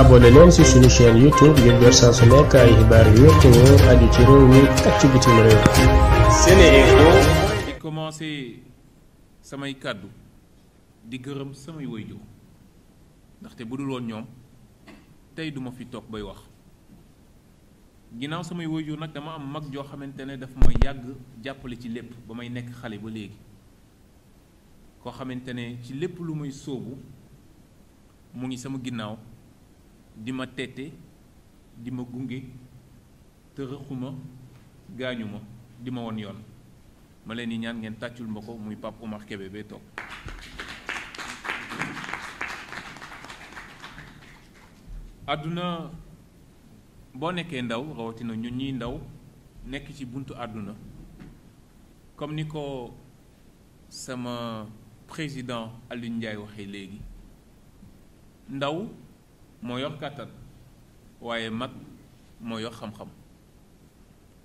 abonné leen ci suñu chaîne YouTube ngir saa su nekk yu wér te wóor aju ci réew mi ci bitim commencé samay kàddu di gërëm samay waajur ndaxte bu dul woon ñoom tey duma fi toog bay wax ginnaaw samay waajur nag dama am mag joo xamante ne daf ma yàgg jàppale ci lépp ba may nekk xale ba léegi koo xamante ne ci lépp lu muy sóobu mu ngi sama ginnaaw. di ma tette di ma gunge tërëxuma gaañuma di ma woon yoon ma leen di ñaan ngeen tàccul ma ko muy Pape Oumar Kébé bee toog àdduna boo nekkee ndaw rawatina ñun ñiy ndaw nekk ci buntu àdduna comme ni ko sama président Alioune Ndiaye waxee léegi ndaw moo yor kàttan waaye mag moo yor xam-xam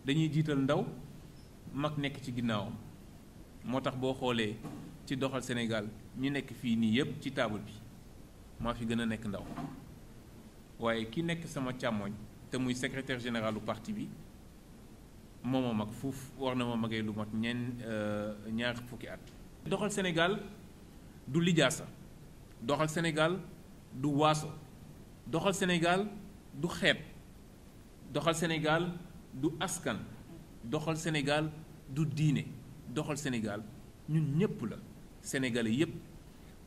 dañuy jiital ndaw mag nekk ci ginnaawam moo tax boo xoolee ci doxal Sénégal ñu nekk fii nii yépp ci taabal bi maa fi gën a nekk ndaw waaye ki nekk sama càmmoñ te muy secretaire généralu parti bi moo ma mag fuuf war na ma magee lu mat ñeen euh, ñaar fukki at doxal Sénégal du lijaasa doxal Sénégal du waaso doxal Sénégal du xeet doxal Sénégal du askan doxal Sénégal du diine doxal Sénégal ñun ñépp la sénégalais yépp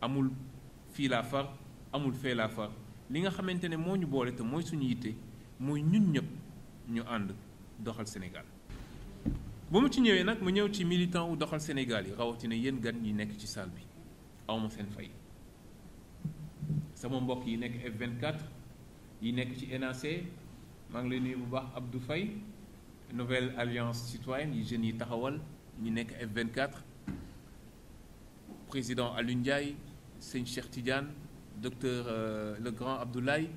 amul fii laa far amul fee laa far li nga xamante ne moo ñu boole te mooy suñu yitte mooy ñun ñëpp ñu ànd doxal Sénégal ba mu ci ñëwee nag mu ñëw ci militant wu doxal Sénégal yi rawatina yéen gan yi nekk ci salle bi awma seen fay sama mbokk yi nekk F24 yi nekk ci NAC maa ngi lay nuyu bu baax Abdou Faye nouvelle alliance citoyenne yi jeunes yi taxawal ñi nekk F24 président Alioune Ndiaye sëñ Cheikh Tidiane docteur euh, le grand Abdoulaye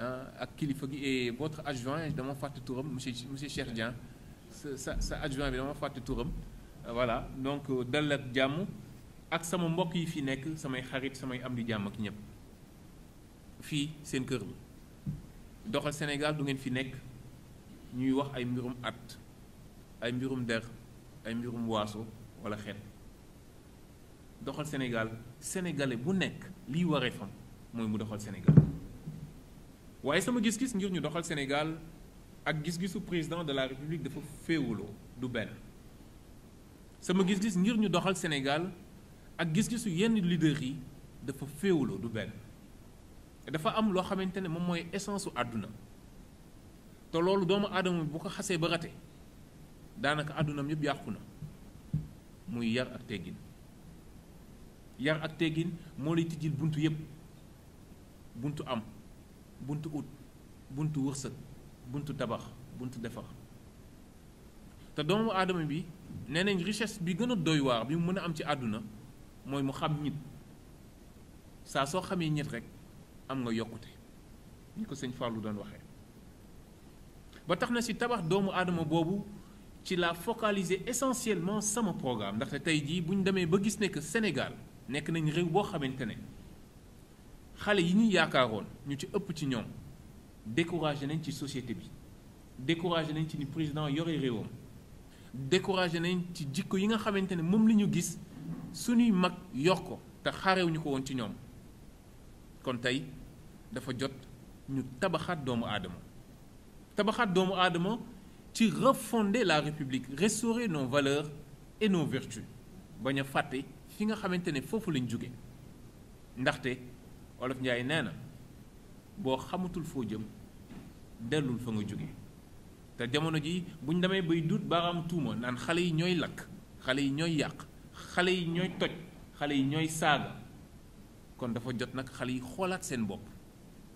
ah, ak kilifa gi et votre adjoint dama fàtte turam monsieur monsieur Cheikh Dieng sa sa sa adjoint bi dama fàtte touram voilà donc dal ak jàmm ak sama mbokk yi fi nekk samay xarit samay am di jàmm ak ñëpp. fii seen kër mi doxal Sénégal du ngeen fi nekk ñuy wax ay mbirum at ay mbirum der ay mbirum waaso wala xeet doxal Sénégal sénégalais bu nekk liy waree fam mooy mu doxal Sénégal waaye sama gis-gis ngir ñu doxal Sénégal ak gis-gisu président de la République dafa féewuloo du benn sama gis-gis ngir ñu doxal Sénégal ak gis-gisu yenn leaders yi dafa féewuloo du benn dafa am loo xamante ne moom mooy essence su àdduna te loolu doomu aadama bu ko xasee ba rate daanaka àddunam yëpp yàqu na muy yar ak teggin yar ak teggin moo lay tijjil buntu yëpp buntu am buntu ut buntu wërsëg buntu tabax buntu defar te doomu aadama bi nee nañ richesse bi gën a doy waar bi mu mën a am ci àdduna mooy mu xam nit saa soo xamee nit rek. am nga yokkute ni ko sëñ Fallou doon waxee ba tax na si tabax doomu aadama boobu ci la focaliser essentiellement sama programme ndaxte tey jii bu ñu demee ba gis ne que Sénégal nekk nañ réew boo xamante ne xale yi ñu yaakaaroon ñu ci ëpp ci ñoom découragé nañ ci société bi découragé nañ ci ni président yore réewam découragé nañ ci jikko yi nga xamante ne moom li ñu gis suñuy mag yor ko te xaarew ñu ko woon ci ñoom kon tey dafa jot ñu tabaxaat doomu aadama tabaxaat doomu aadama ci refonder la république restaurer noo valeur et nos vertus bañ a fàtte fi nga xamante ne foofu lañ jóge ndaxte olof Njaay nee na boo xamatul foo jëm dellul fa nga jóge te jamono ji buñ demee bay duut baaraam tuuma naan xale yi ñooy lakk xale yi ñooy yàq xale yi ñooy toj xale yi ñooy saaga kon dafa jot nag xale yi xoolaat seen bopp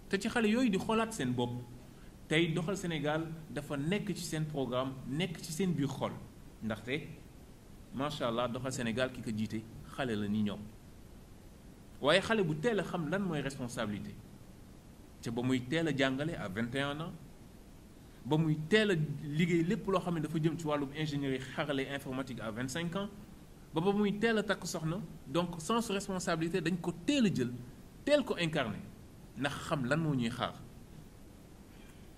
te ci xale yooyu di xoolaat seen bopp tey doxal Sénégal dafa nekk ci seen programme nekk ci seen biir xool ndaxte macha allah doxal Sénégal ki ko jiite xale la ni ñoom waaye xale bu teel a xam lan mooy responsabilité te ba muy teel a jàngale à 21 ans ba muy teel a liggéey lépp loo xam ne dafa jëm ci wàllum yi xarale informatique à cinq ans. ba ba muy teel a takk soxna donc sens responsabilité dañ ko teel a jël teel ko incarné ndax xam lan moo ñuy xaar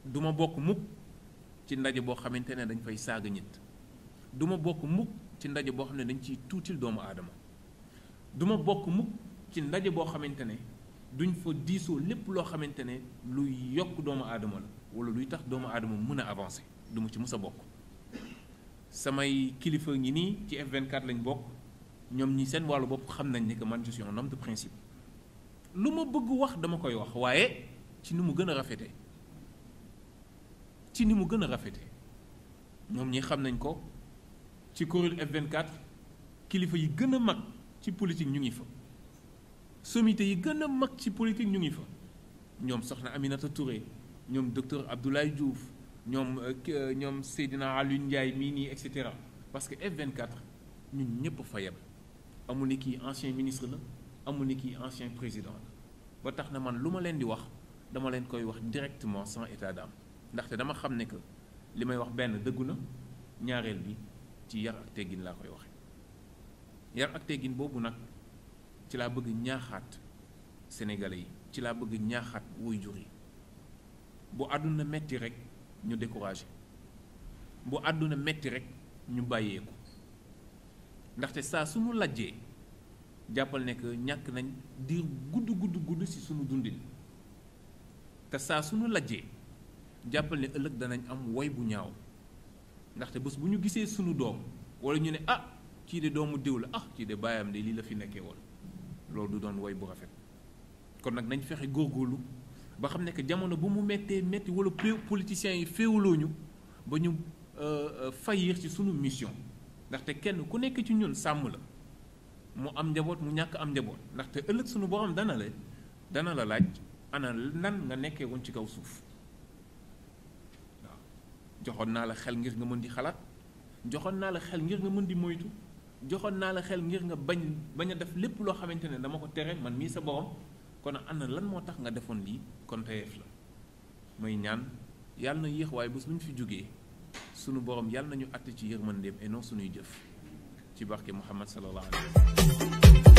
duma bokk mukk ci ndaje boo xamante ne dañ fay saaga nit du ma bokk mukk ci ndaje boo xam ne dañ ciy tuutil doomu aadama duma bokk mukk ci ndaje boo xamante ne duñ fa diisoo lépp loo xamante ne luy yokk doomu aadama la wala luy tax doomu aadama mun a avancer du ma ci mus a bokk samay kilifa ngi nii ci F24 lañ bokk ñoom ñi seen wàllu bopp xam nañ ne que man je suis principe lu ma bëgg wax dama koy wax waaye ci ni mu gën a rafete ci ni mu gën a rafete ñoom ñi xam nañ ko ci kuréel F24 kilifa yi gën a mag ci politique ñu ngi fa sommité yi gën a mag ci politique ñu ngi fa ñoom soxna Aminata Touré ñoom docteur Abdoulaye juuf ñoom euh, euh, ñoom Seydina Alioune Ndiaye mii nii et cetera parce que F24 ñun ñëpp fa yem amul ni kii ancien ministre la amul ni kii ancien président la ba tax na man lu ma leen di wax dama leen koy wax directement sans état d'âme ndaxte dama xam ne que li may wax benn dëggu na ñaareel bi ci yar ak teggin laa koy waxe yar ak teggin boobu nag ci laa bëgg ñaaxaat sénégalais yi ci laa bëgg ñaaxaat woy jur yi bu àdduna metti rek. ñu découragé bu àdduna metti rek ñu bàyyeeku ndaxte saa suñu lajjee jàppal ne que ñàkk nañ diir gudd gudd gudd ci suñu dundin te saa suñu lajjee jàppal ne ëllëg danañ am woy bu ñaaw ndaxte bés bu ñu gisee sunu doom walla ñu ne ah kii de doomu diw la ah kii de baayam de lii la fi nekkee woon loolu du doon woy bu rafet kon nag nañ fexe góorgóorlu ba xam ne que jamono bu mu méttee métti wala politiciens yi féewuloo ñu ba ñu euh, euh, faillir ci sunu mission ndaxte kenn ku nekk ci ñun sàmm la mu am njaboot mu ñàkk am njaboot ndaxte ëllëg sunu borom dana la dana la laaj ana nan nga nekkee woon ci kaw suuf waaw joxoon naa la xel ngir nga mën di xalaat joxoon naa la xel ngir nga mën di moytu joxoon naa la xel ngir nga bañ bañ a def lépp loo xamante ne dama ko tere man mii sa borom kon ana lan moo tax nga defoon lii kon tayeef la mooy ñaan yàlla na yéex waaye bés bu ñu fi jógee sunu borom yàlla ñu àtte ci yërmandeem et non sunuy jëf ci barke Muhammad sallallahu alayhi wa